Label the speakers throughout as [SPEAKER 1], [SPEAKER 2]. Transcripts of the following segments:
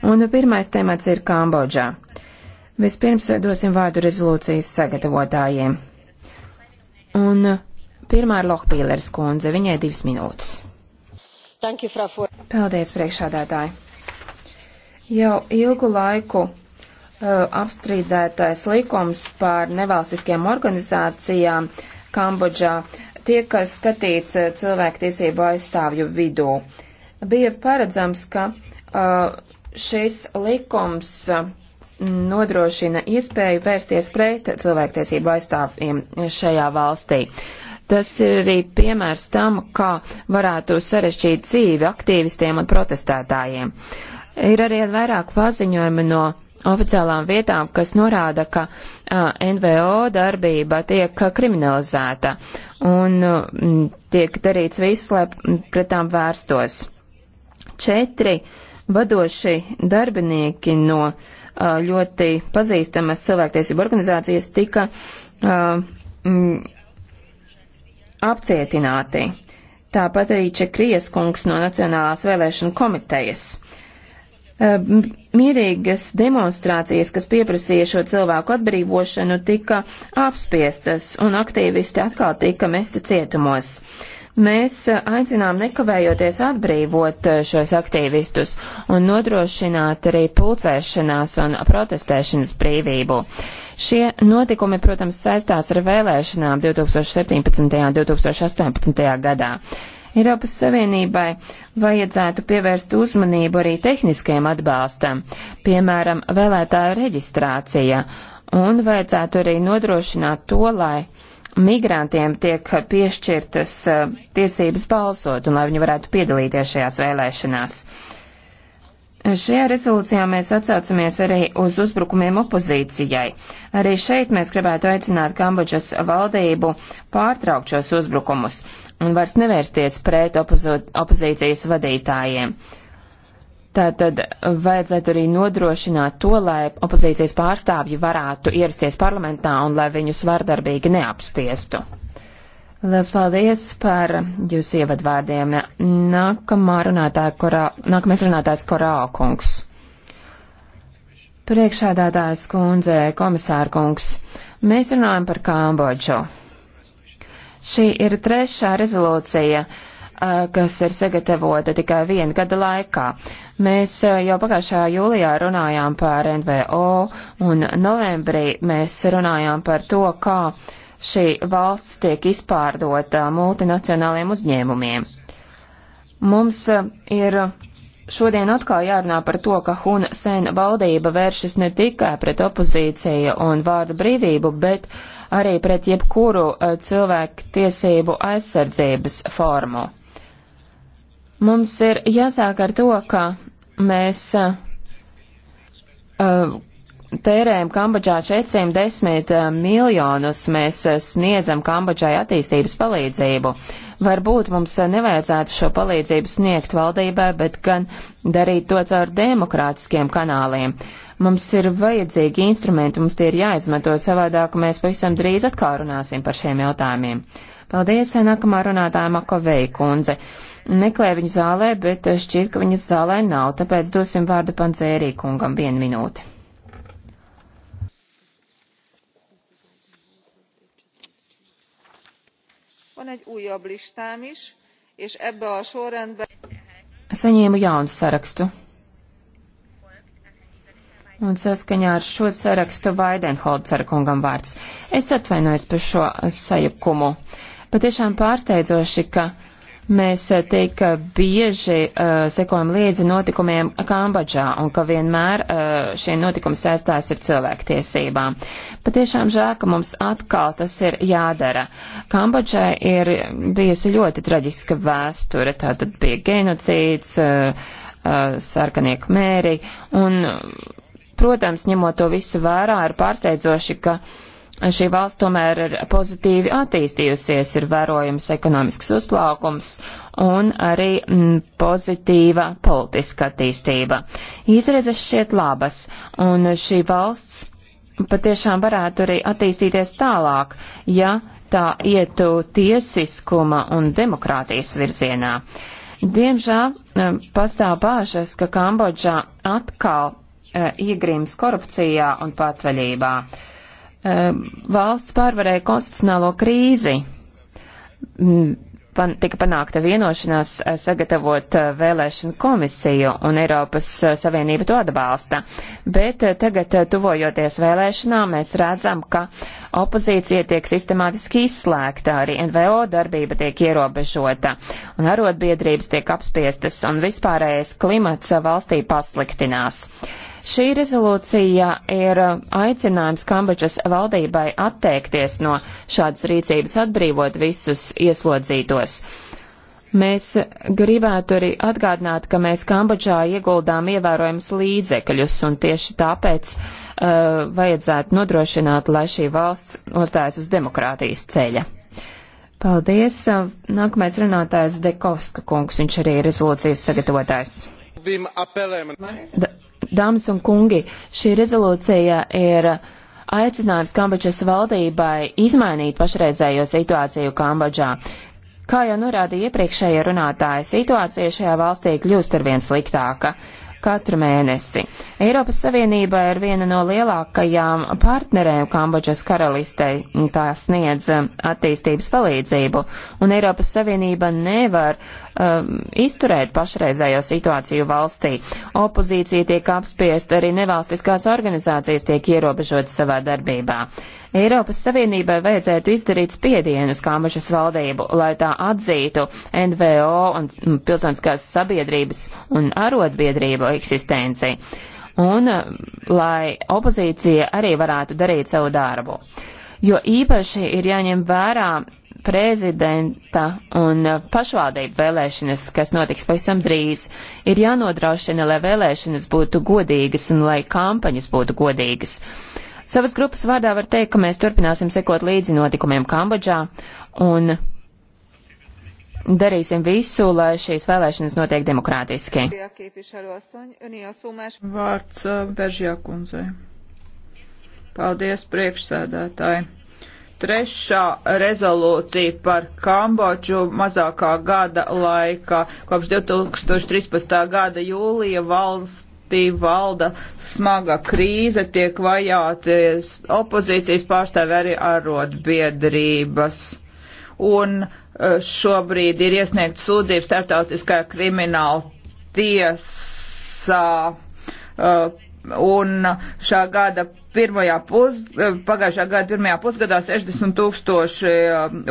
[SPEAKER 1] Un pirmais temats ir Kambodžā. Vispirms dosim vārdu rezolūcijas sagatavotājiem. Un pirmā ir Lohpīlers kundze, viņai divas minūtes. You, for... Paldies, priekšādātāji. Jau ilgu laiku uh, apstrīdētais likums par nevalstiskajām organizācijām Kambodžā tiek skatīts uh, cilvēktiesību aizstāvju vidū. Bija paredzams, ka uh, Šis likums uh, nodrošina iespēju vērsties pret cilvēktiesību aizstāvjiem šajā valstī. Tas ir arī piemērs tam, kā varētu sarešķīt dzīvi aktīvistiem un protestētājiem. Ir arī vairāk paziņojumi no oficiālām vietām, kas norāda, ka a, uh, NVO darbība tiek kriminalizēta un a, mm, tiek darīts viss, lai pret tām vērstos. Četri uh, Vadoši darbinieki no ļoti pazīstamas cilvēktiesību organizācijas tika uh, m, apcietināti. Tāpat arī Čekrijas kungs no Nacionālās vēlēšana komitejas. Uh, mierīgas demonstrācijas, kas pieprasīja šo cilvēku atbrīvošanu, tika apspiestas un aktīvisti atkal tika mesti cietumos. Uh, Mēs aicinām nekavējoties atbrīvot šos aktīvistus un nodrošināt arī pulcēšanās un protestēšanas brīvību. Šie notikumi, protams, saistās ar vēlēšanām 2017. un 2018. gadā. Eiropas Savienībai vajadzētu pievērst uzmanību arī tehniskiem atbalstam, piemēram, vēlētāju reģistrācija, un vajadzētu arī nodrošināt to, lai migrantiem tiek piešķirtas eh, tiesības balsot un lai viņi varētu piedalīties šajās vēlēšanās. Šajā rezolūcijā mēs atsaucamies arī uz uzbrukumiem opozīcijai. Arī šeit mēs gribētu aicināt Kambodžas valdību pārtraukt šos uzbrukumus un vairs nevērsties pret opozo, opozīcijas vadītājiem. Uh, Tātad vajadzētu arī nodrošināt to, lai opozīcijas pārstāvji varētu ierasties parlamentā un lai viņus vardarbīgi neapspiestu. Lielas paldies par jūsu ievadvārdiem. Nākamā runātāja, korā, nākamais runātājs Korākungs. Priekšādātājs kundze, komisārkungs, mēs runājam par Kambodžu. Šī ir trešā rezolūcija. Uh, kas ir sagatavota tikai viena gada laikā. Mēs jau pagājušā jūlijā runājām par NVO un novembrī mēs runājām par to, kā šī valsts tiek izpārdota multinacionāliem uzņēmumiem. Mums ir šodien atkal jārunā par to, ka Hun Sen valdība vēršas ne tikai pret opozīciju un vārdu brīvību, bet arī pret jebkuru cilvēku tiesību aizsardzības formu. Mums ir jāsāk ar to, ka mēs uh, uh tērējam Kambodžā 410 uh, miljonus, mēs uh, sniedzam Kambodžai attīstības palīdzību. Varbūt mums nevajadzētu šo palīdzību sniegt valdībai, bet gan darīt to caur demokrātiskiem kanāliem. Mums ir vajadzīgi instrumenti, mums tie ir jāizmanto savādāk, mēs pavisam drīz atkal runāsim par šiem jautājumiem. Paldies, nākamā runātāja Makovei kundze. Uh, meklēju viņu zālē, bet eh, šķiet, ka viņas zālē nav, tāpēc dosim vārdu Pandzērī kungam vienu minūti.
[SPEAKER 2] Van egy újabb listám is, és ebbe a sorrendbe...
[SPEAKER 1] Saņēmu jaunu sarakstu. Un saskaņā ar šo sarakstu Vaidenholzer kungam vārds. Es atvainojos par šo sajukumu. Patiešām pārsteidzoši, ka Mēs eh, tik eh, bieži uh, sekojam līdzi notikumiem Kambodžā un ka vienmēr uh, šie notikumi saistās ar cilvēktiesībām. Patiešām žēl, ka mums atkal tas ir jādara. Kambodžai ir bijusi ļoti traģiska vēsture, tātad bija genocīds, uh, uh, sarkanieku mēri un, protams, ņemot to visu vērā, ir pārsteidzoši, ka uh, šī valsts tomēr ir pozitīvi attīstījusies, ir vērojams ekonomisks uzplaukums un arī m, mm, pozitīva politiska attīstība. Izredzes šķiet labas, un šī valsts patiešām varētu arī attīstīties tālāk, ja tā ietu tiesiskuma un demokrātijas virzienā. Diemžēl m, mm, pastāv bāžas, ka Kambodžā atkal e, iegrims korupcijā un patvaļībā. Uh, Ehm, valsts pārvarēja konstitucionālo krīzi. Pan, tika panākta vienošanās eh, sagatavot eh, vēlēšanu komisiju, un Eiropas eh, Savienība to atbalsta. Bet tagad, tuvojoties vēlēšanām, mēs redzam, ka uh, opozīcija tiek sistemātiski izslēgta, arī NVO darbība tiek ierobežota, un arotbiedrības tiek apspiestas, un vispārējais klimats valstī pasliktinās. Šī rezolūcija ir aicinājums Kambodžas valdībai atteikties no šādas rīcības atbrīvot visus ieslodzītos. Mēs gribētu arī atgādināt, ka mēs Kambodžā ieguldām ievērojams līdzekļus, un tieši tāpēc uh, uh, vajadzētu nodrošināt, lai šī valsts nostājas uz demokrātijas ceļa. Paldies. Uh, nākamais runātājs Dekovska kungs, viņš arī ir rezolūcijas sagatavotājs. Da, dāmas un kungi, šī rezolūcija ir aicinājums Kambodžas valdībai izmainīt pašreizējo situāciju Kambodžā. Kā jau norādīja iepriekšējie runātāji, situācija šajā valstī kļūst arvien sliktāka. Uh, katru mēnesi. Eiropas Savienība ir viena no lielākajām partnerēm Kambodžas karalistei, tā sniedz um, attīstības palīdzību, un Eiropas Savienība nevar um, izturēt pašreizējo situāciju valstī. Opozīcija tiek apspiesta, arī nevalstiskās organizācijas tiek ierobežotas savā darbībā. Eiropas Savienībai vajadzētu izdarīt spiedienu uz Kamašas valdību, lai tā atzītu NVO un pilsoniskās sabiedrības un arotbiedrību eksistenci. Un lai opozīcija arī varētu darīt savu darbu. Jo īpaši ir jāņem vērā prezidenta un pašvaldību vēlēšanas, kas notiks pavisam drīz, ir jānodrošina, lai vēlēšanas būtu godīgas un lai kampaņas būtu godīgas. Uh, Savas grupas vārdā var teikt, ka mēs turpināsim sekot līdzi notikumiem Kambodžā un darīsim visu, lai šīs vēlēšanas notiek demokrātiski.
[SPEAKER 2] Vārds uh,
[SPEAKER 1] Bežjā kundzei. Paldies priekšsēdētāji.
[SPEAKER 2] Trešā rezolūcija par Kambodžu mazākā gada laikā. Kopš 2013. gada jūlija valsts valstī valda smaga krīze, tiek vajāties opozīcijas pārstāvi arī arotbiedrības. Un e, šobrīd ir iesniegts sūdzība starptautiskajā krimināla tiesā. E, un šā gada pirmajā pus, e, pagājušā gada pirmajā pusgadā 60 tūkstoši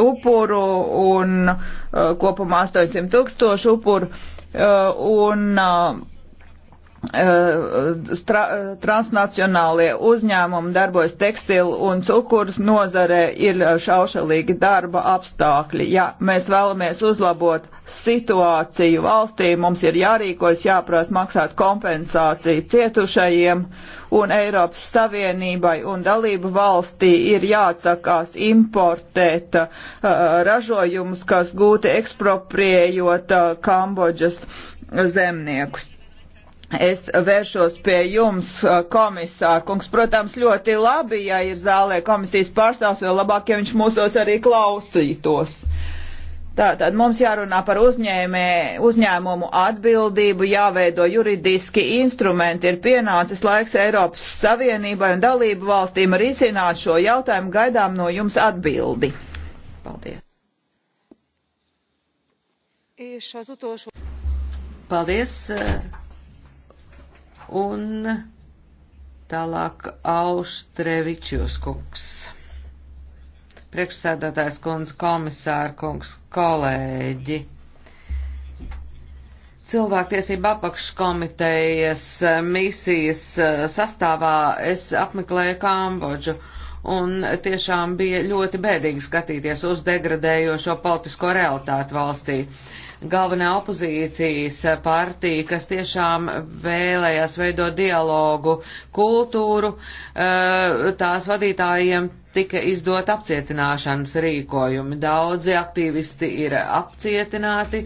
[SPEAKER 2] upuru un kopumā 800 tūkstoši upuru. Un Eh, Tra, eh, transnacionālie uzņēmumi darbojas tekstilu un cukurus nozarē ir eh, šaušalīgi darba apstākļi. Ja mēs vēlamies uzlabot situāciju valstī, mums ir jārīkojas, jāprasa maksāt kompensāciju cietušajiem un Eiropas Savienībai un dalību valstī ir jāatsakās importēt uh, ražojumus, kas gūti ekspropriējot uh, Kambodžas zemniekus Es vēršos pie jums, komisār. Kungs, protams, ļoti labi, ja ir zālē komisijas pārstāvs, vēl labāk, ja viņš mūsos arī klausītos. Tātad mums jārunā par uzņēmē, uzņēmumu atbildību, jāveido juridiski instrumenti. Ir pienācis laiks Eiropas Savienībai un dalību valstīm risināt šo jautājumu. Gaidām no jums atbildi. Paldies.
[SPEAKER 3] Paldies. Un tālāk Auštrevičus kungs. Priekšsēdētājs kundze, komisāra kungs, kolēģi. Cilvēktiesība apakškomitejas misijas eh, sastāvā es apmeklēju Kambodžu. Uh, un tiešām bija ļoti bēdīgi skatīties uz degradējošo politisko realitāti valstī. Galvenā opozīcijas partija, kas tiešām vēlējās veidot dialogu kultūru, eh, tās vadītājiem tika izdot apcietināšanas rīkojumi. Daudzi aktīvisti ir apcietināti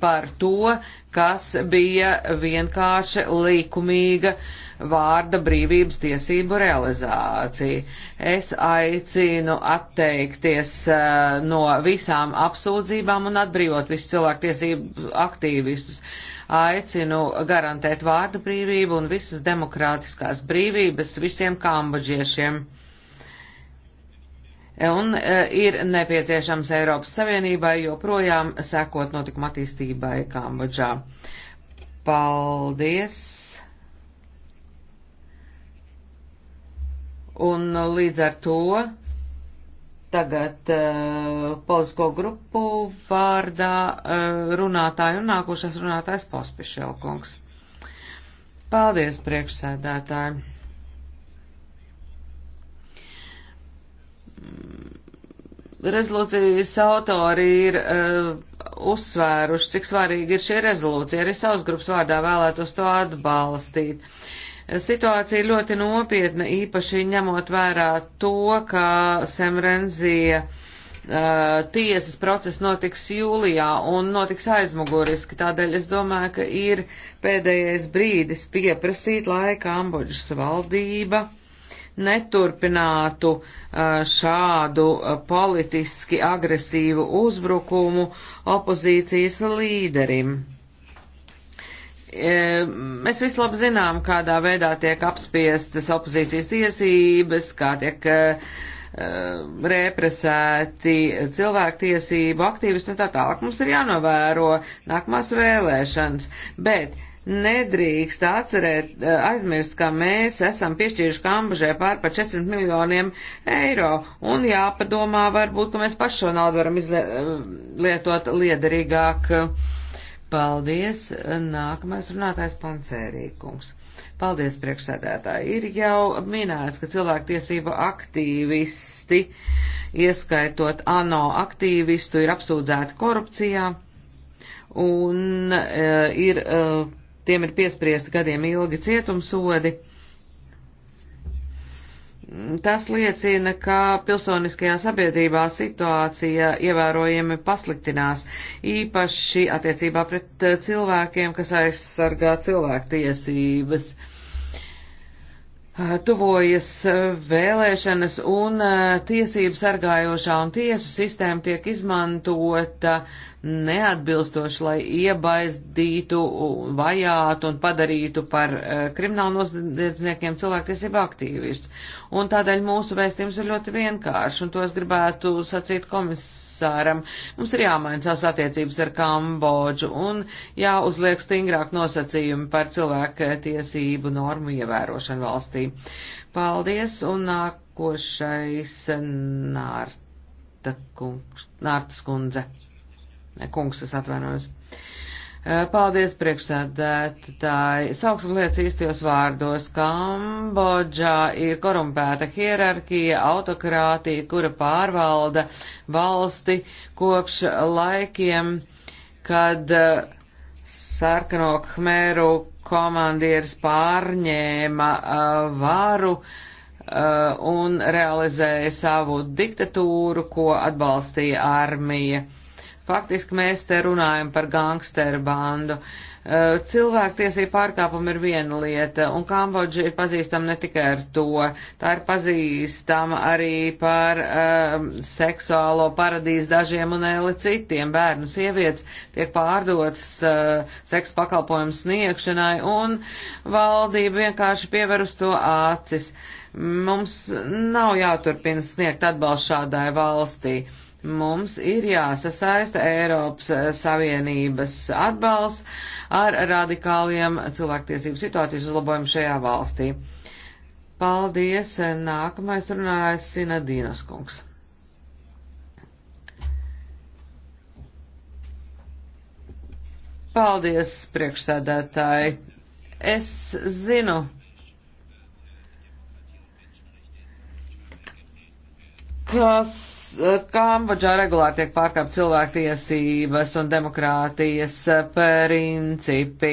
[SPEAKER 3] par to, kas bija vienkārši likumīga uh, vārda brīvības tiesību realizāciju. Es aicinu atteikties uh, no visām apsūdzībām un atbrīvot visus cilvēktiesību aktīvistus. Aicinu garantēt vārda brīvību un visas demokrātiskās brīvības visiem kambodžiešiem un e, ir nepieciešams Eiropas Savienībai joprojām sekot notikuma attīstībai Kambodžā. Paldies! Un līdz ar to tagad uh, politisko grupu vārdā uh, runātāju un nākošais runātājs Pospišelkungs. Paldies, priekšsēdētāji! Rezolūcijas autori ir uh, uzsvēruši, cik svarīgi ir šī rezolūcija. Arī savas grupas vārdā vēlētos to atbalstīt. Uh, Situācija ļoti nopietna, īpaši ņemot vērā to, ka Semrenzija uh, tiesas process notiks jūlijā un notiks aizmuguriski. Tādēļ es domāju, ka ir pēdējais brīdis pieprasīt, lai Kambodžas valdība neturpinātu uh, šādu uh, politiski agresīvu uzbrukumu opozīcijas līderim E, mēs visi labi zinām, kādā veidā tiek apspiestas opozīcijas tiesības, kā tiek uh, represēti cilvēktiesību aktīvisti un tā tālāk. Mums ir jānovēro nākamās vēlēšanas, bet nedrīkst atcerēt, aizmirst, ka mēs esam piešķīruši Kambažai pār par 400 miljoniem eiro, un jāpadomā varbūt, ka mēs pašu šo naudu varam izlietot liederīgāk. Uh, Paldies. Nākamais runātājs Pancērīkungs. Paldies, priekšsēdētāji. Ir jau minēts, ka cilvēktiesība aktīvisti, ieskaitot ANO aktīvistu, ir apsūdzēti korupcijā un uh, ir, uh, tiem ir piespriesti gadiem ilgi cietumsodi. Uh, Tas liecina, ka pilsoniskajā sabiedrībā situācija ievērojami pasliktinās, īpaši attiecībā pret eh, cilvēkiem, kas aizsargā cilvēktiesības. Eh, tuvojas eh, vēlēšanas un tiesību sargājošā un tiesu sistēma tiek izmantota neatbilstoši, lai iebaidītu, vajātu un padarītu par uh, kriminālu noziedzniekiem cilvēktiesību aktīvistus. Un tādēļ mūsu vēstījums ir ļoti vienkāršs, un to es gribētu sacīt komisāram. Mums ir jāmaina savas attiecības ar Kambodžu un jāuzliek stingrāk nosacījumi par cilvēktiesību normu ievērošanu valstī. Paldies, un nākošais Nārta, kungs, Nārta skundze ne, kungs, es atvainojos. Eh, paldies priekšsēdētāji. Sauksim lietas īstajos vārdos. Kambodžā ir korumpēta hierarkija, autokrātija, kura pārvalda valsti kopš laikiem, kad eh, sarkano khmēru komandieris pārņēma eh, varu un realizēja savu diktatūru, ko atbalstīja armija Faktiski mēs te runājam par gangsteru bandu. E, Cilvēktiesība pārkāpuma ir viena lieta, un Kambodža ir pazīstama ne tikai ar to, tā ir pazīstama arī par um, seksuālo paradīzu dažiem un eli citiem. Bērnu sievietes tiek pārdotas uh, e, seks pakalpojumu sniegšanai, un valdība vienkārši piever uz to acis. Mums nav jāturpina sniegt atbalstu šādai valstī. Uh, Mums ir jāsasaista Eiropas Savienības atbalsts ar radikāliem cilvēktiesību situācijas uzlabojumu šajā valstī. Paldies! Nākamais runājas Sina Dīnas kungs. Paldies, priekšsēdētāji! Es zinu, kas Kambodžā regulāri tiek pārkāpt cilvēktiesības un demokrātijas eh, principi.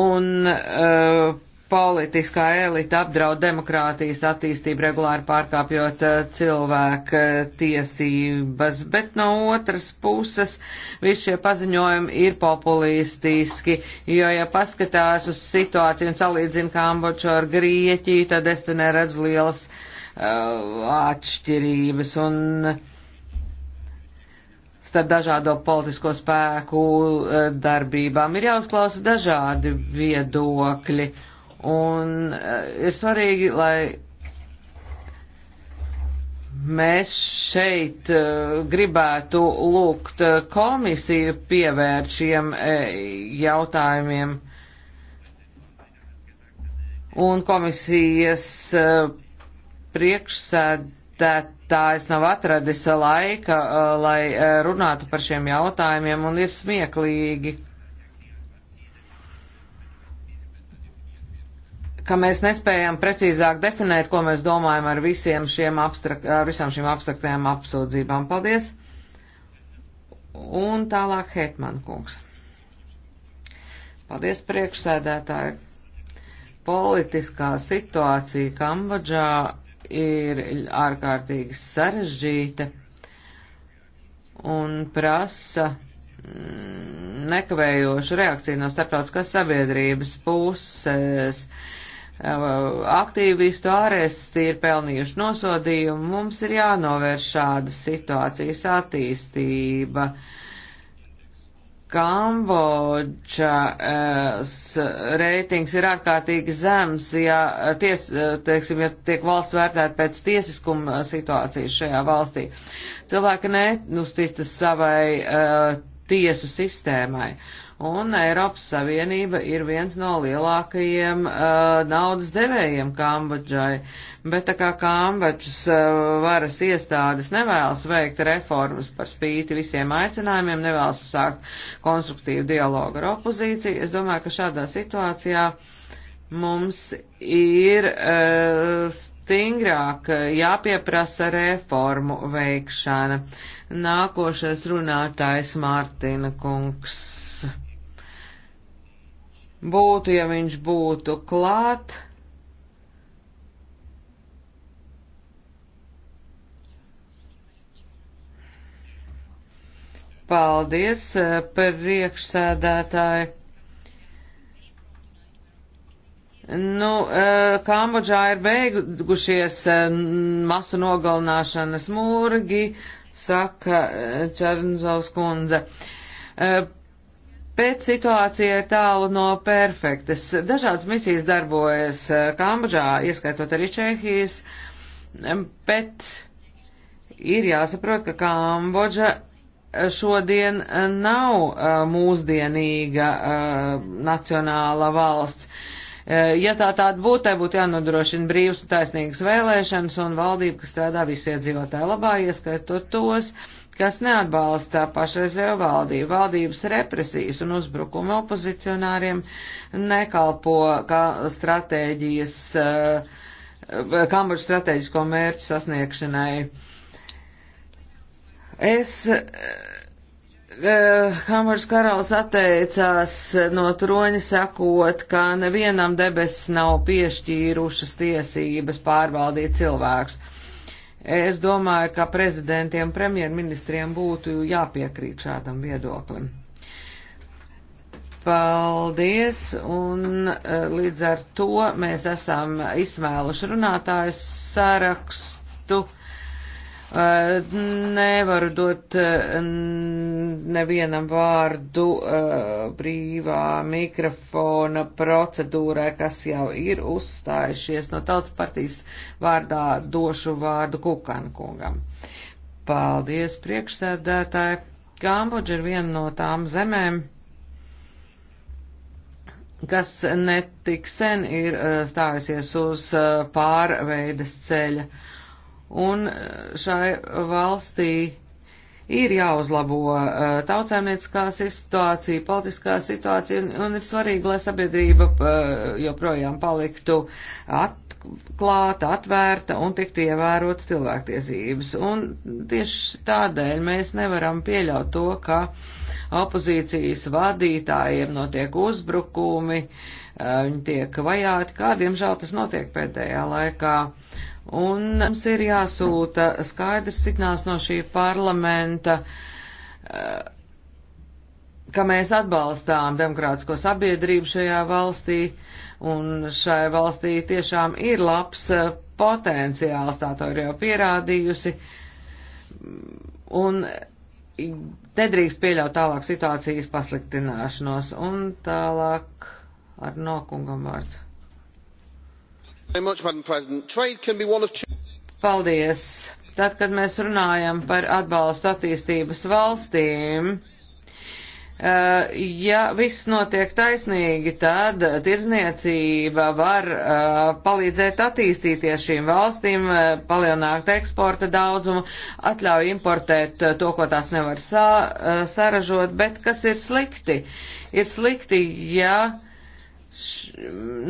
[SPEAKER 3] Un uh, politiskā elita apdraud demokrātijas attīstību regulāri pārkāpjot uh, eh, cilvēku uh, tiesības, bet no otras puses visi šie paziņojumi ir populistiski, jo ja paskatās uz situāciju un salīdzinu Kambodžu ar Grieķiju, tad es te neredzu lielas uh, Uh, atšķirības un starp dažādo politisko spēku uh, darbībām. Ir jāuzklausa dažādi viedokļi, un uh, ir svarīgi, lai mēs šeit gribētu lūgt komisiju pievērt šiem jautājumiem. Un komisijas priekšsēdētājs nav atradis laika, uh, lai uh, runātu par šiem jautājumiem, un ir smieklīgi, ka mēs nespējam precīzāk definēt, ko mēs domājam ar, visiem šiem abstrakt, ar visām šīm abstraktajām apsūdzībām. Paldies! Un tālāk Hetman kungs. Paldies priekšsēdētāji! Politiskā situācija Kambodžā ir ārkārtīgi sarežģīta un prasa mm, nekavējošu reakciju no starptautiskās sabiedrības puses. Aktīvistu āresti ir pelnījuši nosodījumu, mums ir jānovērš šādas situācijas attīstība. Uh, Kambodžas eh, reitings ir ārkārtīgi zems, ja, eh, ties, eh, teiksim, ja tiek valsts vērtēta pēc tiesiskuma situācijas šajā valstī. Cilvēki neusticas savai uh, tiesu sistēmai. Uh, un Eiropas Savienība ir viens no lielākajiem uh, naudas devējiem Kambodžai, bet tā kā Kambodžas uh, varas iestādes nevēlas veikt reformas par spīti visiem aicinājumiem, nevēlas sākt konstruktīvu dialogu ar opozīciju, es domāju, ka šādā situācijā mums ir uh, stingrāk uh, jāpieprasa reformu veikšana. Nākošais runātājs Mārtina Kungs būtu, ja viņš būtu klāt. Paldies, eh, priekšsēdētāji. Nu, eh, Kambodžā ir beigušies eh, masu nogalināšanas mūrgi, saka Černzovs kundze bet situācija ir tālu no perfektas. Dažādas misijas darbojas eh, Kambodžā, ieskaitot arī Čehijas, bet ir jāsaprot, ka Kambodža eh, šodien eh, nav mūsdienīga nacionāla valsts. Ja tā tāda būtu, tai būtu jānodrošina brīvs un taisnīgas vēlēšanas un valdība, kas strādā visu iedzīvotāju labā, ieskaitot tos, kas neatbalsta pašreizējo valdību. Valdības represijas un uzbrukumi opozicionāriem nekalpo kā stratēģijas, eh, Kambodžas stratēģisko mērķu sasniegšanai. Es Hamars eh, karalis atteicās no troņa sakot, ka nevienam debesis nav piešķīrušas tiesības pārvaldīt cilvēks. Es domāju, ka prezidentiem, premjerministriem būtu jāpiekrīt šādam viedoklim. Paldies, un e, līdz ar to mēs esam izsmēluši runātājus sarakstu. Eh, nevaru dot eh, nevienam vārdu eh, brīvā mikrofona procedūrai, kas jau ir uzstājušies. No tautas partijas vārdā došu vārdu Kukankungam. Paldies, priekšsēdētāji! Kambodža ir viena no tām zemēm, kas netik sen ir stājusies uz pārveides ceļa. Uh, un eh, šai valstī ir jāuzlabo uh, tautsēmnieciskā situācija, politiskā situācija, un, un ir svarīgi, lai sabiedrība uh, joprojām paliktu atklāta, atvērta un tiktu ievērotas cilvēktiesības. Un tieši tādēļ mēs nevaram pieļaut to, ka opozīcijas vadītājiem notiek uzbrukumi, uh, viņi tiek vajāti, kā diemžēl tas notiek pēdējā laikā. Uh, Un mums ir jāsūta skaidrs signāls no šī parlamenta, eh, ka mēs atbalstām demokrātisko sabiedrību šajā valstī, un šai valstī tiešām ir labs eh, potenciāls, tā to ir jau pierādījusi. Un nedrīkst pieļaut tālāk situācijas pasliktināšanos. Un tālāk ar nokungam vārds. Paldies! Tad, kad mēs runājam par atbalstu attīstības valstīm, eh, ja viss notiek taisnīgi, tad tirzniecība var eh, palīdzēt attīstīties šīm valstīm, eh, palielināt eksporta daudzumu, atļauj importēt to, ko tās nevar sa saražot, bet kas ir slikti? Ir slikti, ja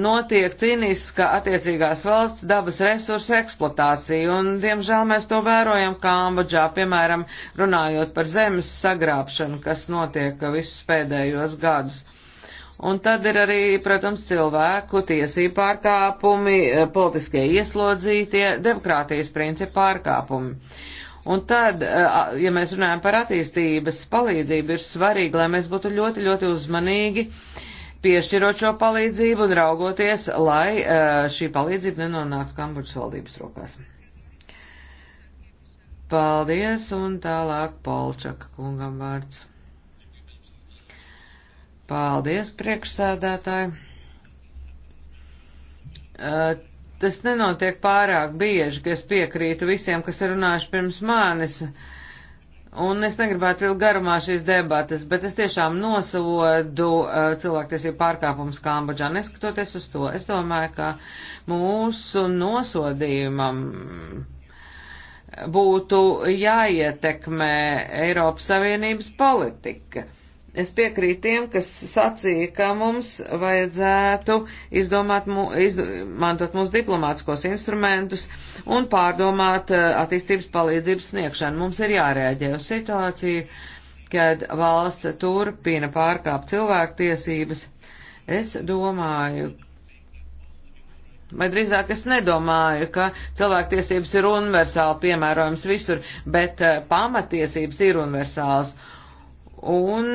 [SPEAKER 3] notiek cīniska attiecīgās valsts dabas resursu eksploatācija, un, diemžēl, mēs to vērojam Kambodžā, piemēram, runājot par zemes sagrābšanu, kas notiek visus pēdējos gadus. Un tad ir arī, protams, cilvēku tiesību pārkāpumi, politiskie ieslodzītie, demokrātijas principu pārkāpumi. Un tad, ja mēs runājam par attīstības palīdzību, ir svarīgi, lai mēs būtu ļoti, ļoti uzmanīgi uh, piešķirot šo palīdzību un raugoties, lai eh, šī palīdzība nenonāktu Kambodžas valdības rokās. Paldies, un tālāk Polčaka kungam vārds. Paldies, priekšsēdētāji. Eh, tas nenotiek pārāk bieži, ka es piekrītu visiem, kas ir runājuši pirms manis. Uh, Un es negribētu ilgi garumā šīs debatas, bet es tiešām nosodu uh, cilvēktiesību pārkāpumus Kambodžā. Neskatoties uz to, es domāju, ka mūsu nosodījumam būtu jāietekmē Eiropas Savienības politika. Uh, Es piekrītu tiem, kas sacīja, ka mums vajadzētu izdomāt, izmantot mūsu diplomātiskos instrumentus un pārdomāt eh, attīstības palīdzības sniegšanu. Mums ir jārēģē uz situāciju, kad valsts turpina pārkāpt cilvēktiesības. Es domāju, vai drīzāk es nedomāju, ka cilvēktiesības ir universāli piemērojams visur, bet eh, pamatiesības ir universāls. Uh, un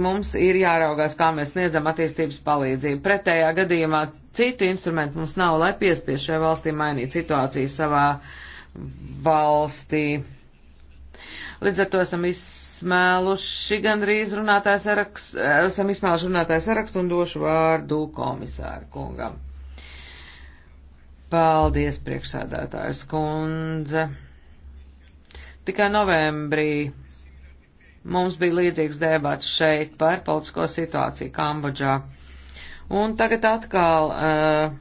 [SPEAKER 3] mums ir jāraugās, kā mēs sniedzam attīstības palīdzību. Pretējā gadījumā citu instrumentu mums nav, lai piespies šai valstī mainīt situāciju savā valstī. Līdz ar to esam izsmēluši gandrīz runātājs sarakstu, eh, esam izsmēluši runātājs sarakstu un došu vārdu komisāru kungam. Paldies, priekšsēdētājs kundze. Tikai novembrī Mums bija līdzīgs debats šeit par politisko situāciju Kambodžā. Un tagad atkal, eh,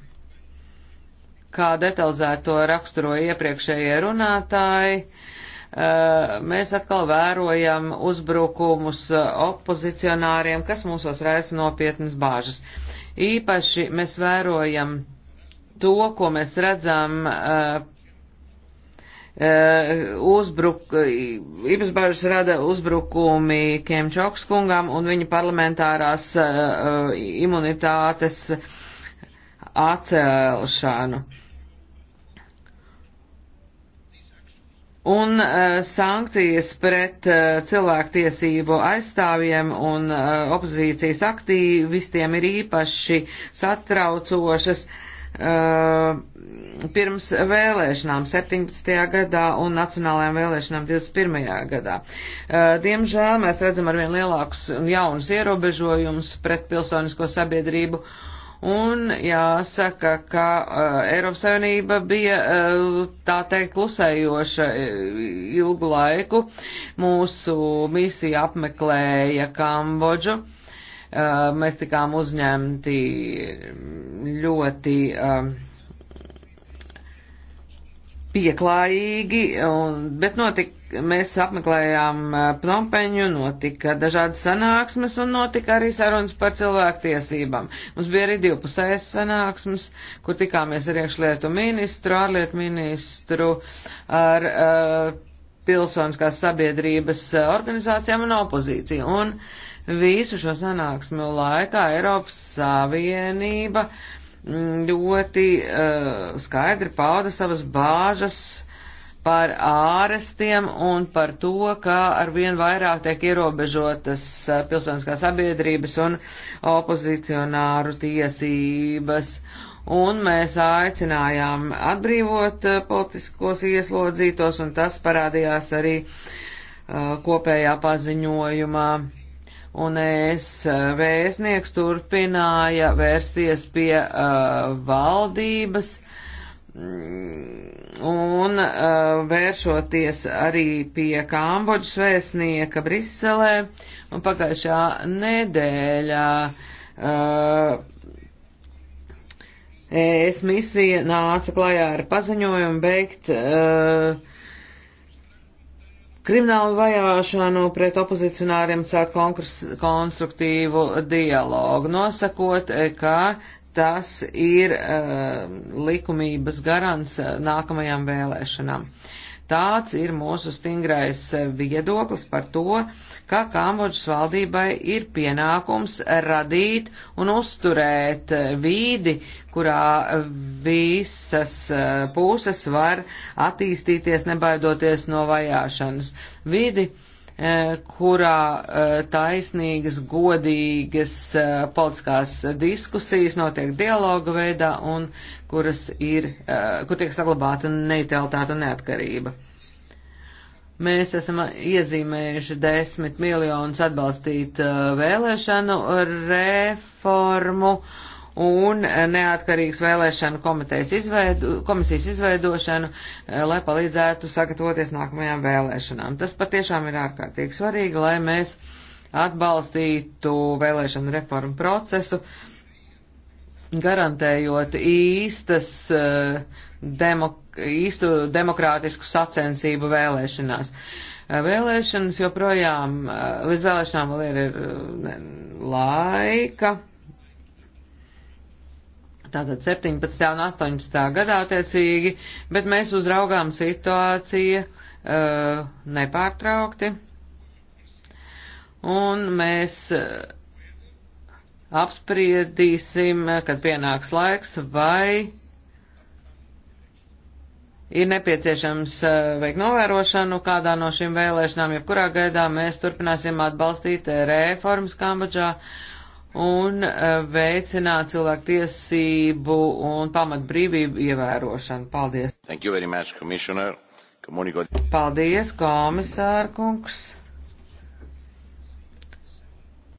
[SPEAKER 3] kā detalizēto raksturoja iepriekšējie runātāji, eh, mēs atkal vērojam uzbrukumus eh, opozicionāriem, kas mūsos raisa nopietnas bāžas. Īpaši mēs vērojam to, ko mēs redzam Uh, uzbruk, īpaši uh, bažas rada uzbrukumi Kemčoks kungam un viņa parlamentārās uh, uh, imunitātes atcelšanu. Un uh, sankcijas pret uh, cilvēktiesību aizstāvjiem un uh, opozīcijas aktīvistiem ir īpaši satraucošas. Uh, Uh, pirms vēlēšanām 17. gadā un nacionālajām vēlēšanām 21. gadā. Uh, diemžēl mēs redzam arvien lielākus un jaunus ierobežojumus pret pilsonisko sabiedrību. Un jāsaka, ka uh, Eiropas Savienība bija uh, tā teikt klusējoša uh, ilgu laiku. Mūsu misija apmeklēja Kambodžu. Uh, Uh, mēs tikām uzņemti ļoti um, pieklājīgi, un, bet notik, mēs apmeklējām uh, Pnompeņu, notika dažādas sanāksmes un notika arī sarunas par cilvēktiesībām. Mums bija arī divpusējas sanāksmes, kur tikāmies ar iekšlietu ministru, ārlietu ministru, ar uh, pilsoniskās sabiedrības uh, organizācijām un opozīciju. Un, uh, Visu šo sanāksmu laikā Eiropas Savienība mm, ļoti uh, skaidri pauda savas bāžas par ārestiem un par to, ka arvien vairāk tiek ierobežotas eh, pilsoniskās sabiedrības un opozicionāru tiesības. Un mēs aicinājām atbrīvot eh, politiskos ieslodzītos, un tas parādījās arī uh, kopējā paziņojumā un es eh, vēstnieks turpināja vērsties pie uh, valdības mm, un uh, vēršoties arī pie Kambodžas vēstnieka Briselē, un pagājušā nedēļā uh, es misija nāca klajā ar paziņojumu beigt uh, kriminālu vajāšanu pret opozicionāriem caur konstruktīvu dialogu, nosakot, eh, ka tas ir uh, likumības garants eh, nākamajām vēlēšanām. Uh, Tāds ir mūsu stingrais viedoklis par to, ka Kambodžas valdībai ir pienākums radīt un uzturēt vīdi, kurā visas eh, puses var attīstīties, nebaidoties no vajāšanas. Vīdi, E, kurā e, taisnīgas, godīgas e, politiskās diskusijas notiek dialoga veidā un kuras ir, kur tiek saglabāta neutralitāte un neatkarība. Mēs esam iezīmējuši desmit miljonus atbalstīt vēlēšanu reformu. Uh, un neatkarīgas vēlēšanu izveidu, komisijas izveidošanu, eh, lai palīdzētu sagatavoties nākamajām vēlēšanām. Tas patiešām ir ārkārtīgi svarīgi, lai mēs atbalstītu vēlēšanu reformu procesu, garantējot īstas, eh, demok īstu demokrātisku sacensību vēlēšanās. Eh, vēlēšanas joprojām, līdz vēlēšanām vēl ir, ir laika tātad 17. un 18. gadā attiecīgi, bet mēs uzraugām situāciju uh, nepārtraukti. Un mēs uh, apspriedīsim, uh, kad pienāks laiks, vai ir nepieciešams uh, veikt novērošanu kādā no šīm vēlēšanām, jebkurā gaidā mēs turpināsim atbalstīt uh, reformas Kambodžā. Uh, un eh, veicināt cilvēku tiesību un pamatbrīvību ievērošanu. Paldies! Thank you very much, Commissioner. Komuniko... Paldies, komisārkungs!